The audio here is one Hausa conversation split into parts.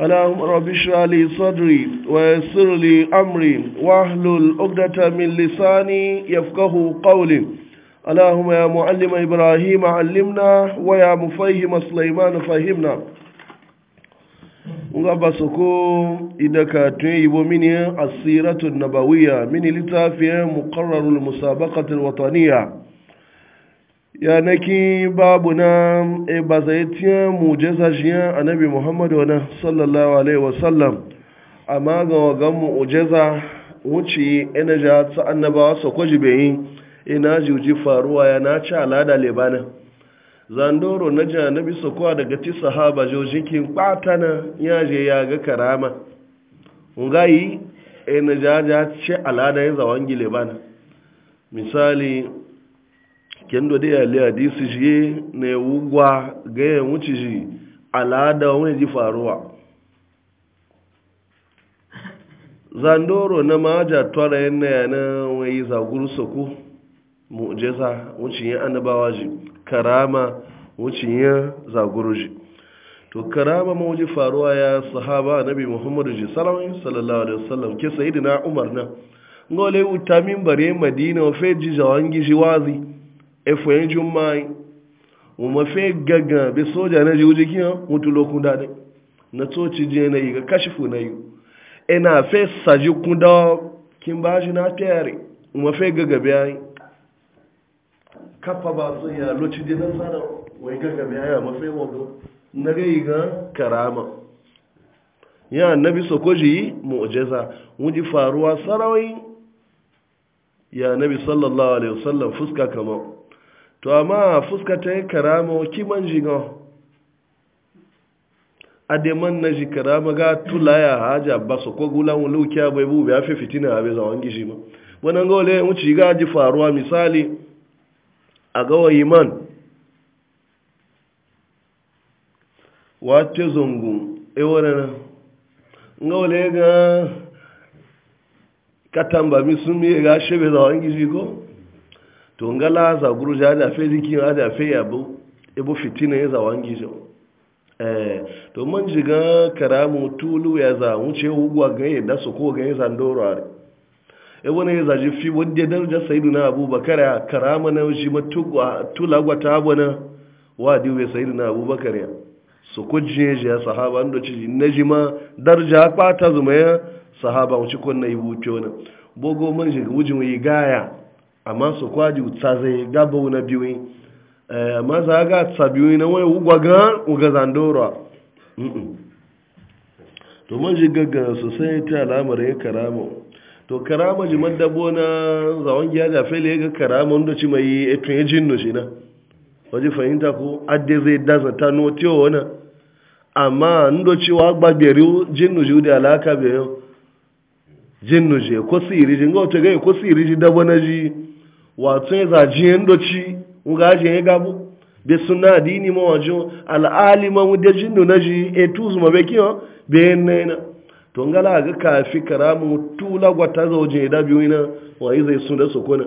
اللهم رب اشرح لي صدري ويسر لي امري واحلل عقدة من لساني يفقه قولي اللهم يا معلم ابراهيم علمنا ويا مفهم سليمان فهمنا ngaba soko idaka tun yibo mini asiratu nabawiya mini litafiyan muqarrarul musabaqatil wataniya yanaki babu nan e ba zai tiya mujeza jiya annabi muhammad wani sallallahu alaihi wasallam amma ga wagan mujeza wuce ina ja ta annabawa su kwaji bayi ina juji faruwa ya na ci alada lebana zandoro na ji annabi su kowa daga ti sahaba jojikin kwatana ya je ya ga karama ngayi ina ja ja ci alada ya zawon gilebana misali kendo de Ali hadisi shi ne wugwa ga ya wuce shi al'ada wani ji faruwa zandoro na maja twara yana yana wani zaguru soko mu'jeza wucin ya annabawa ji karama wucin ya zaguru ji to karama ma wuce faruwa ya sahaba nabi muhammadu ji sallallahu alaihi wasallam ke sayyidina umar na ngole utamin bare madina wa feji zawangi shi wazi efoyin jummai mo ma fe gaga be soja na jiwuje kiyan mutu lokun dade na toci je na yi ga na yi ina fe saji kunda kin ba shi na tare mo fe gaga be ai kafa ba so ya loci je na sada wai gaga be ai mo ga yi ga karama ya sokoji mu'jiza wuji faruwa sarawai ya nabi sallallahu alaihi wasallam fuska kama. to amma fuska ta yi karama kiman jiga ademan na ji karama ga tulaya haji ba su ko gulan wuluki bai bu ya fi fitina bai zawon gishi ma wani ga wale wuce ga ji faruwa misali a gawa iman wace zungu ewara na ga wale ga katamba mi sun mi ga shebe zawon gishi ko to ngala za guru ja da fe ziki na da ya bu ebo fitina ya za wangi jo eh to manje jiga karamu tulu ya za wuce ugwa ga ya da su ko ga ya za ndoro are ebo ne za ji fi wadde daraja sayyiduna abubakar karama na shi matugwa tulagwa ta abuna wa diwe sayyiduna abubakar ya su kujje je sahaba ndo ci najima darja kwata zuma ya sahaba wuce ko na yi wuce wani bogo man jiga wujin yi gaya amma su kwaji utsa zai gaba wuna biyu eh, amma za ga tsa biyu na wani ugwagan ga zandora to man ji gaggara sosai ta alamar yin karama to karama ji maddabo na zawon giya da fele ga karama wanda ci mai etu ya jin nushi na waje fahimta ko adde zai dasa ta notiyo wani amma ndo cewa gbagbere jin nushi da alaka biyu jin nushi ko siri jin gauta gai ko siri ji dabo na ji wato ya zaji yin doci ajiye ya gabu bi suna dini ma wajo al'alima wudde jindu na ji e tuzu ma be kiyo be nena to ngala ga kafi karamu tula gwata zauje ya dabi wina wa zai suna da sokona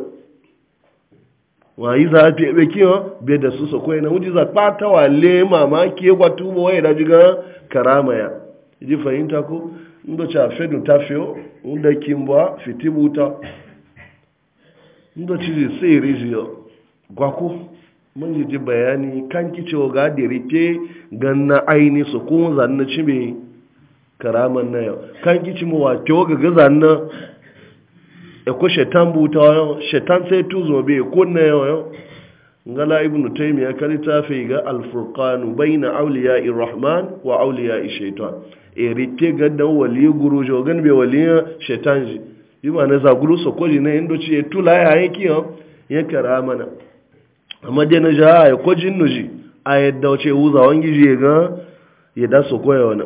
wa za a fi beki kiyo be da su sokona wudi za kpata wa le mamaki ya gwatu ma wa da jiga karama ya ji fahimta ko ndo cha fedu tafiyo unda kimbwa fitibuta inda ci sai rijiyo gwako mun ji bayani kan kicewa ga da rike ganna aini su kuma zanna ci mai karaman na yau kan kici mu wa kyau ga ga zanna e ko shetan buta yau shetan sai tuzo be ko na yau yau ngala ibn taymiya kali ta fi ga al-furqan bayna awliya'i rahman wa awliya'i shaytan e rike ga dan wali gurujo gan be wali shetan ji bi ma na zagulu sokoli na indo ci ya tula ya yi kiyan ya kara mana amma dai na ja ya kojin nuji a yadda wace wuza wangi ji ga ya da sokoya wani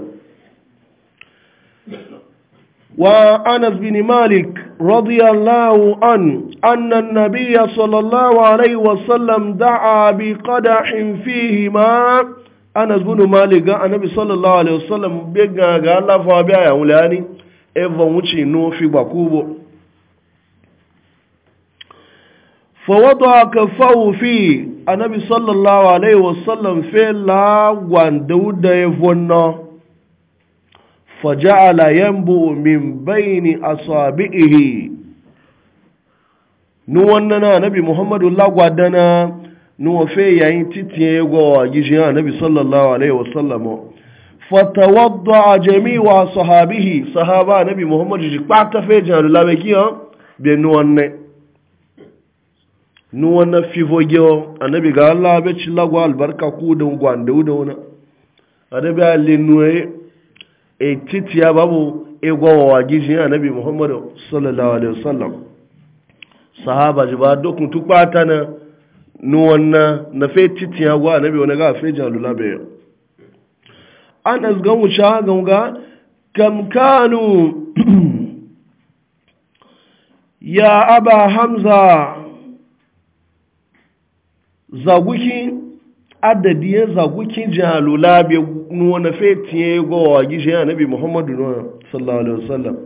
wa anas bin malik radiyallahu an anna nabiyya sallallahu alaihi wasallam da'a bi qadahin fihi ma anas bin malik ga annabi sallallahu alaihi wasallam bi ga ga lafa ya ayawulani evan wuce nufi ba kubo fawata ka fawufi annabi sallallahu alaihi wasallam fe lagwan dauda ya vonna faja'ala yanbu min baini asabi'ihi nu wannan annabi muhammadu lagwadana nu fe yayin titiye go gijin annabi fatawadda a wa sahabihi sahaba nabi muhammadu ji kpata fe jihar lamaki ha biya nuwanne nuwanne fifoge a nabi ga allah bai ci lagwa albarka ku da gwanda da wuna a nabi alli nuwaye e titiya babu e gwawawa gijin a e nabi muhammadu sallallahu alaihi wasallam sahaba ji ba dokun tu kpata na nuwanne na fe titiya gwa a wani ga fe jihar lamaki anas ga wuce ga kam kamkanu ya aba hamza zaguki adadi ya zaguki jalula bi nuna fetiye ga wagi ya nabi muhammadu nuna sallallahu alaihi wasallam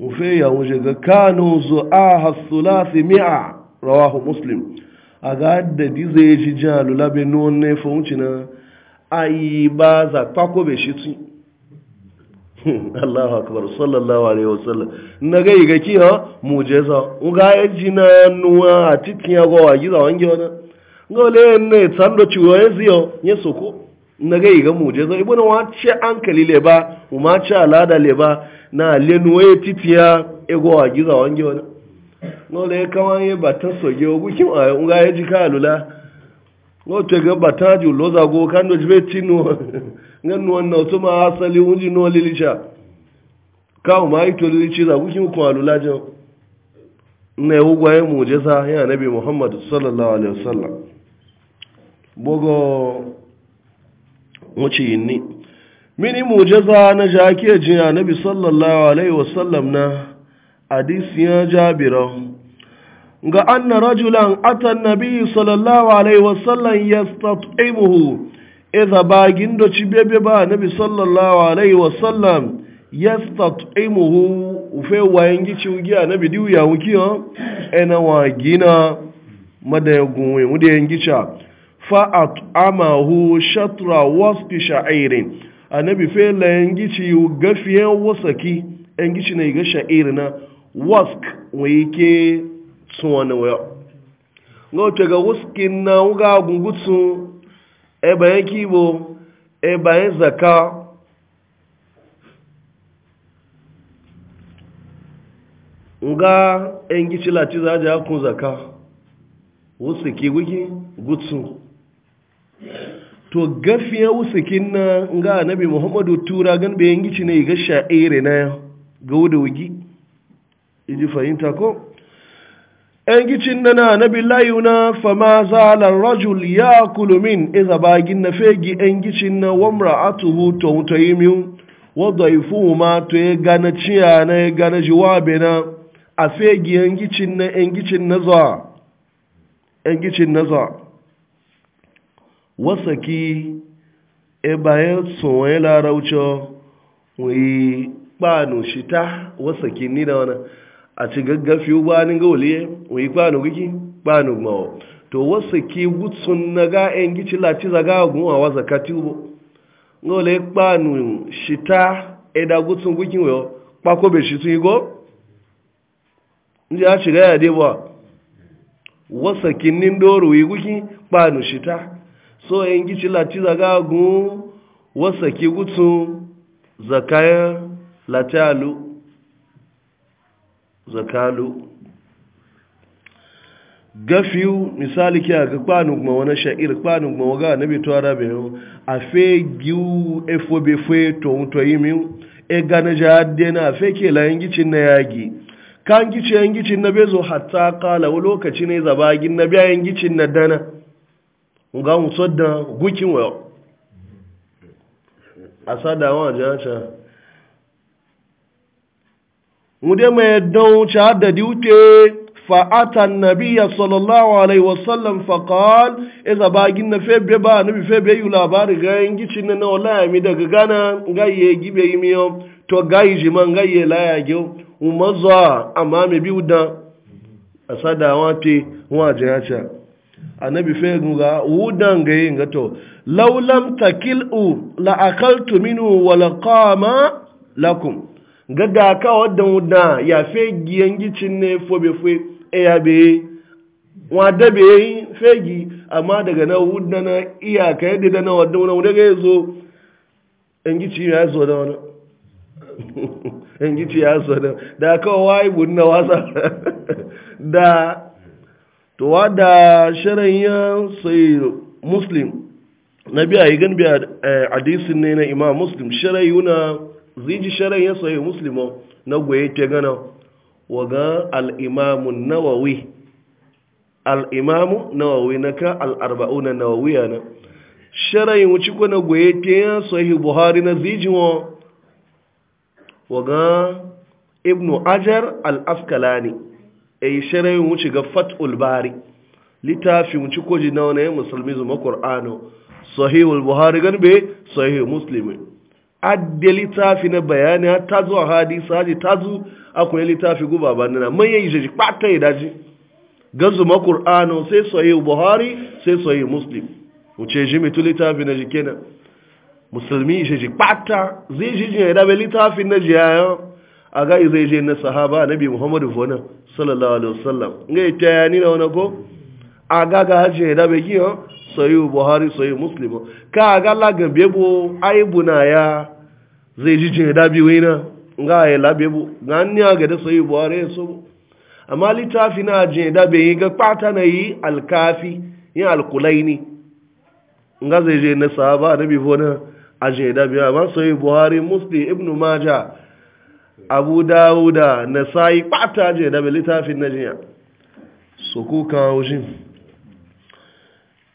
ufe ya wuce ga kanu zu'a hasulasi mi'a rawahu muslim a ga adadi zai ji jalula bi nuna fahimci na ayi ba za kwako shi tun Allahu akbar sallallahu alaihi wasallam na ga yi gaki ha mujeza ga ya ji na nuwa a titin ya gowa giza wange wani ga wale ne tsando ciwo ya ziyo soko na ga yi ga mujeza ibu na wace an kali le alada leba na le nuwa ya ego wa gowa giza wange wani ga wale kawai ba soge wa gukin a ga ya ji ka lula ngote ga bataju loza go kando jbe tinu nganu wanna utuma asali unji no lilisha kawo ma ito lilici za kuki muku alulajin na yi hugwayen mujesa ya nabi muhammadu sallallahu alaihi wasallam bugo wuce yinni mini mujesa na jake jiya nabi sallallahu alaihi wasallam na adisiyan jabiran ga anna rajulan atan nabi sallallahu alaihi wasallam yastat'imuhu idza bagin do bebe ba nabi sallallahu alaihi wasallam yastat'imuhu ufe wayangi a nabi diu ya wukiyo ena gina madayagun we mudayangi cha fa at'amahu shatra wasqi sha'irin annabi fe la yangici gafiyan wasaki ci na ga sha'irina wask wayike tun wani wayo ga otu ga wuskin na wuga gungutsu ebayen kibo ebayen zaka nga engi lati za ja kun zaka wusiki wiki gutsu to gafiya wusikin na nga anabi muhammadu tura gan bayan gici ne ga sha'ire na ga wuda wugi iji fahimta ko ‘yan na na nabi layuna fama zalar rajul ya kulumin iza bagin na fegi ‘yan gicin na wamra atuhu to wuta yi miyu wadda ifu ma to ya gana ciya na ya gana jiwabe na a fegi ‘yan gicin na ‘yan gicin na za ‘yan gicin na za wasaki e bayan tsohon ya larauci wai kpanu shita wasaki ni da wani a ci gaggafi ba ni ga waliye wai kwano giki kwano mawa to wasu ki gutsun na ga gici lati zaga gunwa wa zakati bo ngole kwano shita eda gutsun gukin wayo kwako be shi tun igo ndi a ci ga ya wasu ba wasa kinnin doro yi guki kwano shita so en gici lati zaga gun wasu ki gutsun zakaya lati alu zakalu gafiyu misali kya ga kwanu kuma wani sha'ir kwanu kuma waga na bi rabin bai yau a fe giwu efo be fe to yi min e gana jihadde na a fe ke layan gicin na yagi kan gici yan gicin na bezo hatta kala wa lokaci ne zaba gin na biya yan gicin na dana ga mutu da gukin wayo a sadawa jihar mude mai don ci haddadi wuce fa'ata nabiya sallallahu alaihi wasallam faƙal iza bagin na febe ba nabi febe yi labari ga yin gici na wala mi daga gana gaye gibe yi miyo to gayi jiman gaye laya gyo umarza amma mai biyu da a sadawa te wajen ya a annabi fe ga wudan ga yin ga to laulam takil'u la akaltu minu wala laqama lakum gada ka wadda wuda ya fe giyangi cinne fobe fe ya be wa da be yi fegi amma daga na wuda na iyaka yadda da na wadda wuna wuda ga yazo engici ya zo da wani engici ya zo da da wa yi na wasa da to da sharayan sai muslim na biya yi gan biya a eh, hadisin ne na imam muslim shirayuna ziji sharan ya sayi muslimo na goye ta gana waga al’imamun nawawi al’imamun nawawi na ka al'arba'u na nawawi yana sharai na goye ta ya sayi buhari na zijiwa waga ibnu ajar al'afkalani a e yi sharai wuce ga fat'ul bari littafi wuce kwaji na wani musulmi zuma ƙor'ano sahihul buhari gan be sahih muslimin adda littafi na bayani har ta zuwa hadisa haji ta zu akwai littafi guba ba nuna man yayi jeji kwata ya daji ganzu makur'ano sai soye buhari sai soye muslim wuce ji mitu litafi na na musulmi jeji kwata zai ji ya dabe litafi na jiyayo a ga zai je na sahaba bi muhammadu fona sallallahu alaihi wasallam ngai tayani na wani ko a ga ga haji ya dabe giyo sayu buhari sayu muslim ka ga laga bebo aibu na ya zai ji jin da bi wina nga ya la bebo ga ni ga da sayu buhari so amma litafi na jin da be ga pata na yi alkafi yin alkulaini nga zai je na sahaba nabi bona a jin da bi amma sayu buhari muslim ibn majah abu na nasai pata je da be litafin najiya so ku kan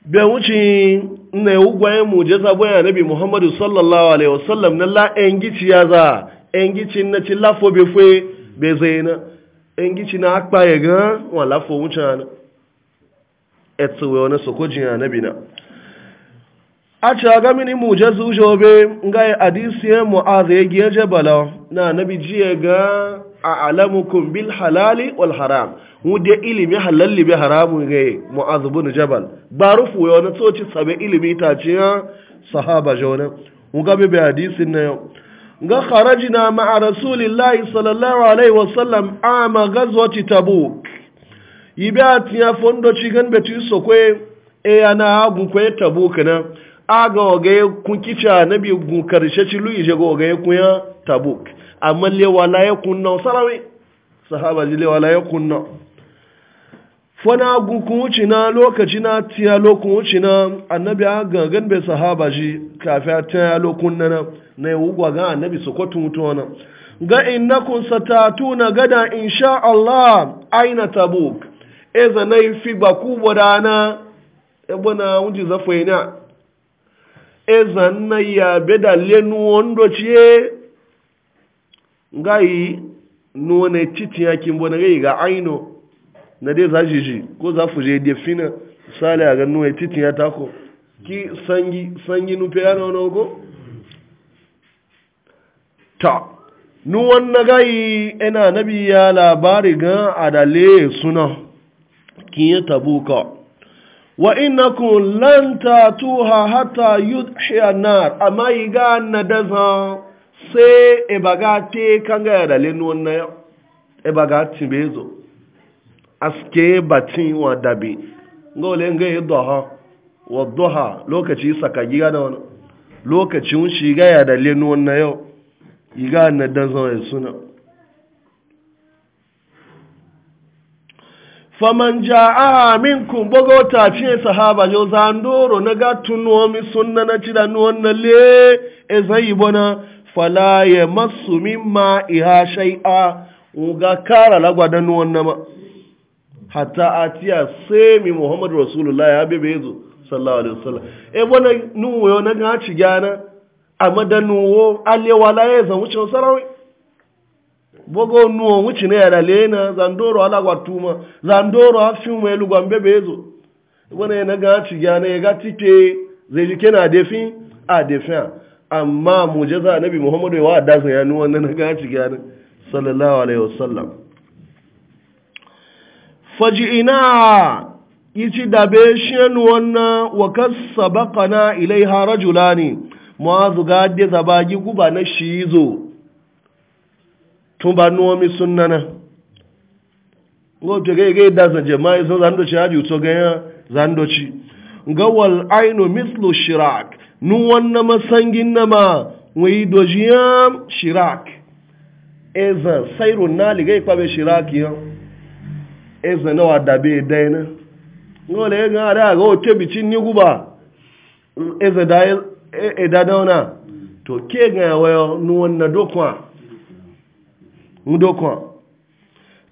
bai wuce na yi ugwayen mujeza na nabi muhammadu sallallahu alaihi wasallam na la engici ya za engici na ci lafo bai fwe bai zai na engici na akpa ya ga wa lafo wuce na etsuwe wani sokoji ya nabi na a ci aga mini mujeza wuce obe nga yi adisiyar mu'aza ya giya bala na nabi ji ya ga a alamukum bil halali wal haram de ilimi halalli bi haramun ga Mu'az bin jabal rufu ya wani tsoci sabe ilimi ta ce sahaba jona muga bi bi hadisin na yau ga kharajina ma'a rasulillahi sallallahu alaihi wasallam ama gazwati tabuk ibati e ya fondo ci gan beti sokwe e yana agu kwe tabuk na aga oge kun kicha nabi gun karshe ci luyi je go oge kun ya tabuk amma le wala yakun sarawi sahaba lewa la yakun fana gukun wuce na lokaci na tiya lokun wuce na annabi a gangan bai sahaba shi kafin a tiya lokun na na na yi wugwa ga annabi su kwatun mutuwa wana ga innakun satatu na gada insha Allah aina tabuk e zana yi fi baku budana e bana wunji zafa na e zana ya beda lenu wando ciye ga yi nuna ya kimbo na ga aino na dai za shi shi ko za fuje da fina misali a ganin wai titin ya tako ki sangi sangi nufe ya na wani ko ta nu wannan gayi ina nabi ya labari ga adale suna ki ya tabuka wa innakum lan tuha hatta yudhiya nar amma ga na daza sai e baga te kanga ya nu wannan e baga bezo aske batin wa dabi ngole nga yi doha wa doha lokaci saka giga da wani lokacin shiga ya da lenu wannan yau giga na dan zama ya suna faman ja'a minkum bogo ta ce sahaba jo zandoro na ga tunuwa mi sunna na ci da wannan le e zai bona fala ya masu mimma iha shay'a uga kara lagwada nuwan na ma hatta tiya sai mi muhammad rasulullah ya bebe yanzu sallallahu alaihi wasallam e bona nuwo yo na ga ci gana amma da nuwo alewa la ya zamu wuce sarawi bogo nuwo wuci ne da lena zandoro ala gwatuma zandoro fi mu elu gambe bezo e, bona na ga ci gana ya ga tike zai ji na defi a defi amma mujaza nabi muhammad wa da zan ya nuwo na ga ci gana sallallahu alaihi wasallam faji'ina ici dabe shen wannan wa na ilai kasabaqana ilaiha ne, muazu ga de zabagi guba na shi shizo tun ba nuwa sunana. sunnana ngote ga ga da san jama'i sun zando ci hadi to ga zando ci ga wal ainu mislu shirak nu wannan masangin nama wai dojiyam shirak Eza, sairun nali ga ipa be shirak yau eze na wadabe daina ngole yin ara ga ote bicin ni guba eze da e, e, to ke ga wayo nuwan na dokwa ndokwa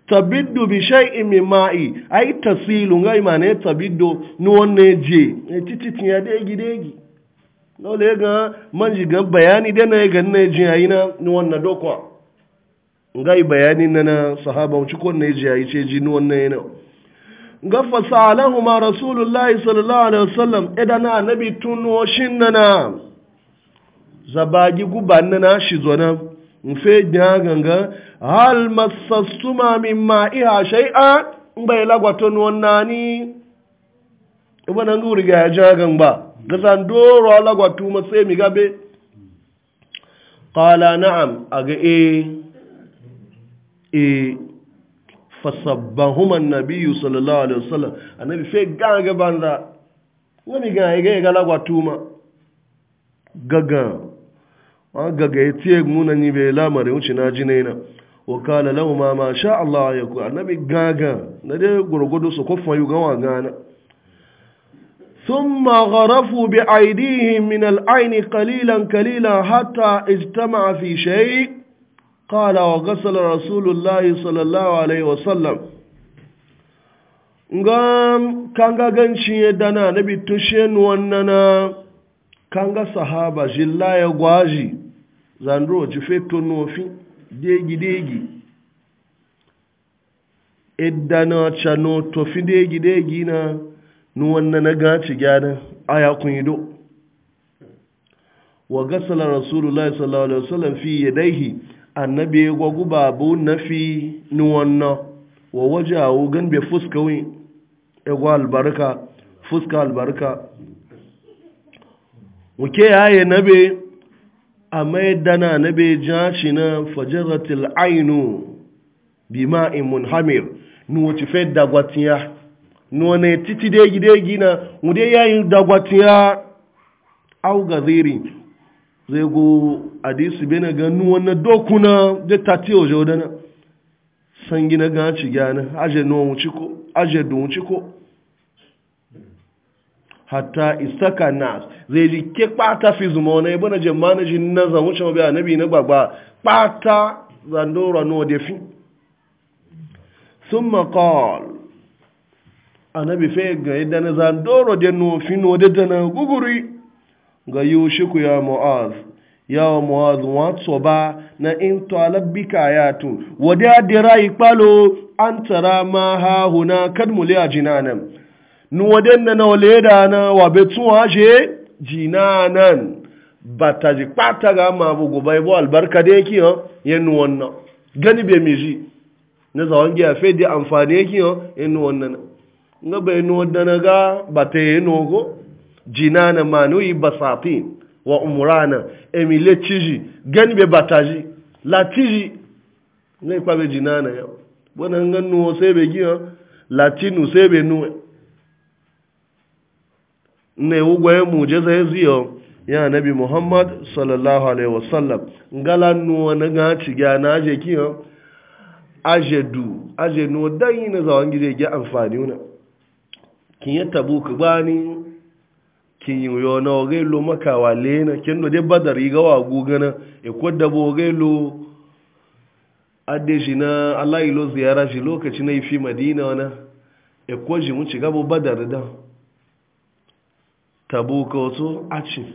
tabiddu bi shay'in a ma'i ay tasilu ngai mane tabiddu nuwan ne je tititin e ya degi degi ngole ga manji ga bayani dena na ga ne je na nuwan na dokwa yi bayanin na na sahaba wuce ko ne ji yayi ce jini wannan yana ga fasalahu ma rasulullahi sallallahu alaihi wasallam idan annabi tuno shin nana zabagi guban nana shi zona Nfe nya ganga hal masastuma mimma iha shay'a bai lagwato wannan ni ibana nguri ya ja ganga ga san doro lagwato ma sai mi gabe qala na'am aga eh e fasabbahuman nabiyyu sallallahu alaihi wasallam annabi fe gaga banza wani ga ga ga lagwa tuma gaga wani gaga yace muna ni be lamare wuce na ji na wa kana lahu ma ma sha Allah ya ku annabi gaga na dai gurgudu su kofa yi gawa gana ثم غرفوا بأيديهم من العين قليلا قليلا حتى اجتمع في شيء قال وغسل رسول الله صلى الله عليه وسلم ngam kanga ganci dana na nabi tushen wannan na kanga sahaba jilla ya gwaji zandro ji feto nofi degi degi idda na cano tofi degi degi na nu wannan na gaci gyana aya kun ido. do wa gasala rasulullahi sallallahu alaihi wasallam fi yadaihi annabi gwagu babu nafi ni wannan wa waje awo gan bai fuska wi egwa albarka fuska albarka wuke yaye nabe a mai dana nabe jaci na fajaratil ainu bi ma'in munhamir ni wace fai dagwatiya ni titi degi degi na wude yayin dagwatiya au gaziri zai go hadisu bena ganu wannan dokuna da tati oje wadana san gina ganci gana aje nuwa wuci ko aje don wuci ko hatta isaka nas zai ji ke kpata fi zuma wani ibi na jemana ji na zan wuce mabiya anabi na gbagba kpata zandora nuwa da fi sun makol a nabi fe ga yadda na zandoro da nuwa da dana guguri ga yushiku ya mu'az yawa mu'az wa ba na in talabbika ya tu wadda dira ikpalo an tara ma ha huna kad muli a jinanan nu waden na na wale da na wa betun waje jinanan ba ta ji kpata ga ma bu gobe bu albarka da yake yo nu wannan gani be miji na zawon giya fe da amfani yake yo yanu wannan na bai nu wannan ga ba ta yi nogo jinana manoyi basatin wa umrana emile chiji gan be bataji la chiji ngai kwa be jinana ya bona nganu o sebe giyo la chinu sebe nu ne ugwe mujeza eziyo ya nabi muhammad sallallahu alaihi wasallam ngala nu wani gaci ciga na aje kiyo aje du aje nu dan yi na zawon gire ga amfani wuna kin ya tabu ku bani kin yi yo na oge lo makawa lena kin no de badari yi wa gugana e kodda bo oge lo adde shi na Allah ilo ziyara shi lokaci na ifi madina wana e ko ji mun shiga bo badar da tabuka wato aci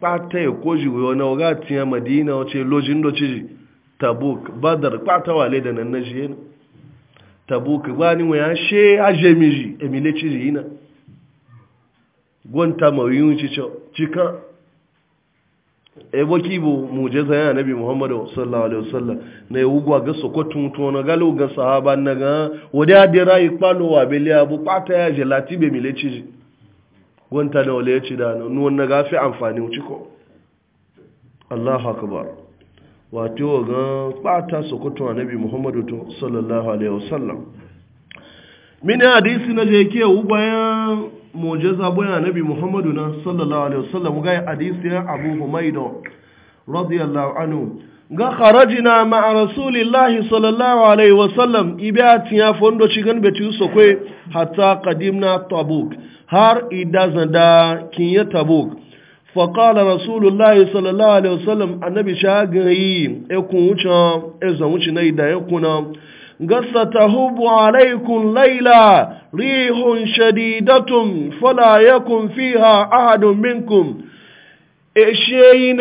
pata e ko ji yo na oga tiya madina wace lojin do ci tabuk badar pata wale da nan na shi yana tabuk ba ni wa ya she ajemiji emile ci na. gwanta mawuyun cika ebo kibo mujeza ya nabi muhammadu sallallahu alaihi wasallam na yugwa ga sokotun to na galo ga sahaba na ga wadi adira ipalo wa bele abu pata ya jelati be mile ciji gwanta da wale ci da nu wannan ga fi amfani uciko Allahu akbar wato ga pata sokotun nabi muhammadu to sallallahu alaihi wasallam min hadisi na je ke u mujaza bayan nabi muhammadu na sallallahu alaihi wasallam ga hadisi ya abu humaido radiyallahu anhu ga kharajina ma'a rasulillahi sallallahu alaihi wasallam ibe atiya fondo cikin beti sokwe hatta qadimna tabuk har idazan da kinya tabuk fa qala rasulullahi sallallahu alaihi wasallam annabi shagayi ekun wuce ezan wuce na ida ekuna ستهب عليكم ليلا ريح شديدة فلا يكن فيها أحد منكم إشيين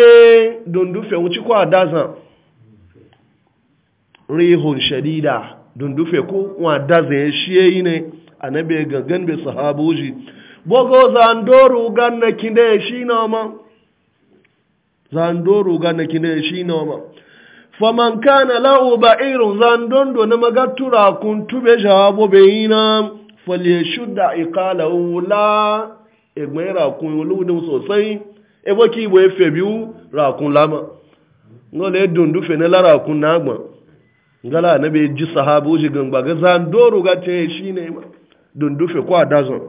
دندوفي وشكو أدازا ريح شديدة دندوفي كو وأدازا إشيين annabi gangan bai sahaboji bogo zandoro ganna kinde shi na ma zandoro ganna kinde shi na faman kana lahu ba'irun zan dondo na magatura kun tube jawabo bayina fali shudda iqala wula egbe rakun oludun sosai ebo ki ibo efe biu rakun lama ngole dundu fe ne la rakun na agbon ngala na be ji sahabu ji gangba ga zan doro ga te shine ma dundu fe kwa dazon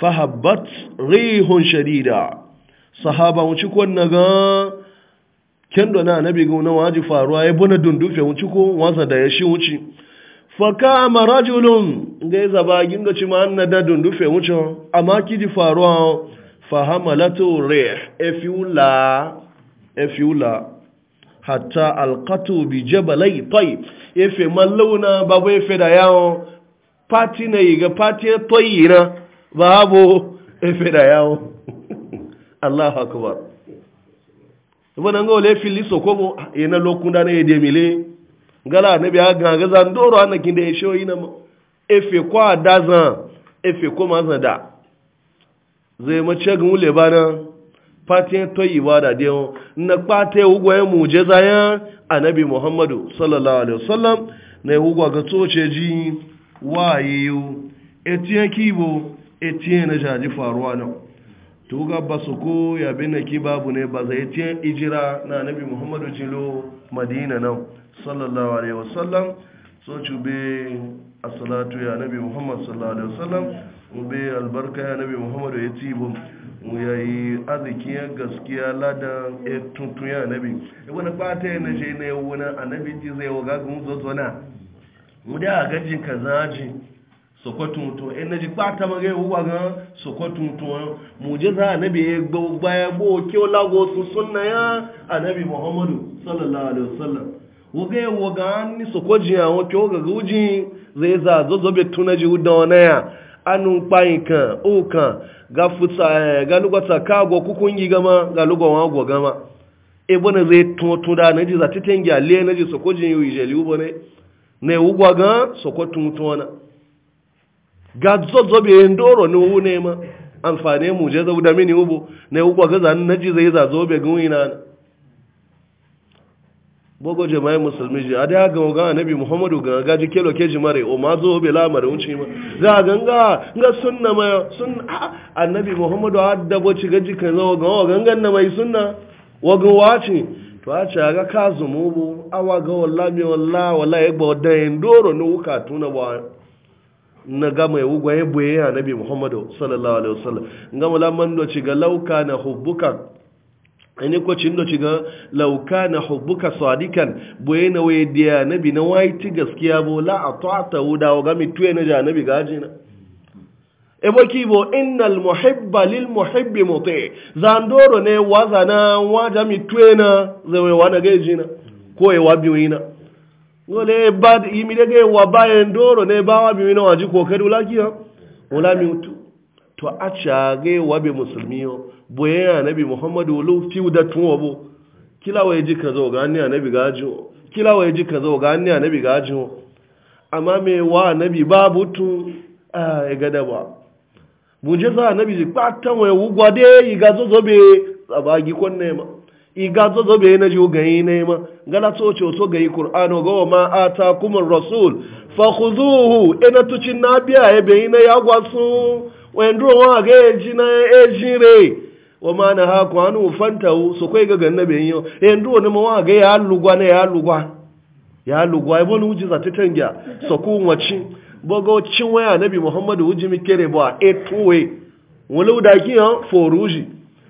fahabbat rihun shadida sahaba wuci ci kon naga kendo na anabi ga wani waji faruwa ya buna dundufe wuce ko wasa da ya shi wuce faka ma rajulun ga ya zaba ginga ci ma na da dundufe wuce amma ji faruwa fahamalatu rih efiula efiula hatta alqatu bi jabalai tay efe mallauna babu efe da yawo pati na yiga pati toyira babu efe da yawo Allahu akbar wani ga wale fili sokobo ya ah, na lokun da na ya demile gala na biya ga ga zan doro an kinde da ya shoyi na efe kwa da zan efe ko ma zan da zai ma ce gun le bana patin to ibada de on na pate ugo ya mujiza ya annabi muhammadu sallallahu alaihi wasallam na ugo ga toce ji wa wayeyo etiyen kibo etiyen na jaji faruwa na tuga basuku ya bina kibabu ne ba zai ce ijira na nabi muhammadu jilo madina nan sallallahu alaihi wasallam so cube a salatu ya nabi muhammadu sallallahu alaihi wasallam ube albarka ya nabi muhammadu ya ci Mu ya yi arzikin gaskiya ladan ya tuntun ya nabi ya na fata ya je na yawon anabi ji zai waga gun zozona mu da a gajin ka zaji sokotuntu in e na ji kpata mage huwa ga sokotuntu mujiza e annabi ya gbau baya bo ke lago su sunna ya anabi muhammadu sallallahu alaihi wasallam woge gan ni sokoji ya wo ke ga guji zai za zozo be tunaji udan wana ya anu pa nkan o kan ga futa eh, ga lugota kago kukungi gama ga lugo wa go gama e bona zai tun tun da naji za titengi ale naji sokoji yi jeli ubone ne gan ga tuntun tona ga zozzobe yin doro ni wu ne ma amfani mu je zau da mini ubu ne ubu ga zan naji zai za zobe ga na bogo jama'in musulmi ji ada ga ga nabi muhammadu ga gaji kelo ke ji mare o ma zo be lamarin wuce ma ga ganga ga sunna ma sunna annabi muhammadu a dabo ci gaji kan zo ga ganga na mai sunna wa ga wace to a ce ga kazumu bu awa ga wallahi wallahi wallahi ga wadan doro ni wuka tuna ba na gama yau gwaye buye ya nabi muhammadu sallallahu alaihi wasallam gama lamman do ci ga lauka na hubbuka ani ko cin do ci ga lauka na hubbuka sadikan buye na waye dia nabi na wai ti gaskiya bo la ata'ta wuda wa gami tuye na ja nabi gaji na e bo ki bo innal muhibba lil muhibbi muti zandoro ne wazana wa mi tuye na zai wana gaji na e ko e wabi wina ngole bad imirege wabaye ndoro ne bawa bi mina waji kokari ulakiya ulami utu to achage wabe musulmiyo boye annabi muhammadu lu fiuda tuwobo kila waje kazo ga annabi annabi gajo kila waje kazo ga annabi annabi gajo amma me wa annabi babu tu a e gada ba mujeza annabi zikpatan waye wugwade igazo zobe sabagi konne ma iga zozo bai na ji gayi ne ma gala to ce to gayi qur'ano ga ma ata kumur rasul fa khuzuhu ina tuci na biya ya e bai na ya gwasu wen duro wa ga eji na eji re wa ma na ha kwanu hu. so kai e ga ganna bai yo en duro ne ma wa ga ya lugwa ne ya lugwa ya lugwa ibo e ni uji za titanga so ku wachi bogo cin waya nabi muhammadu uji kere bo a etuwe Wani udaki ha foruji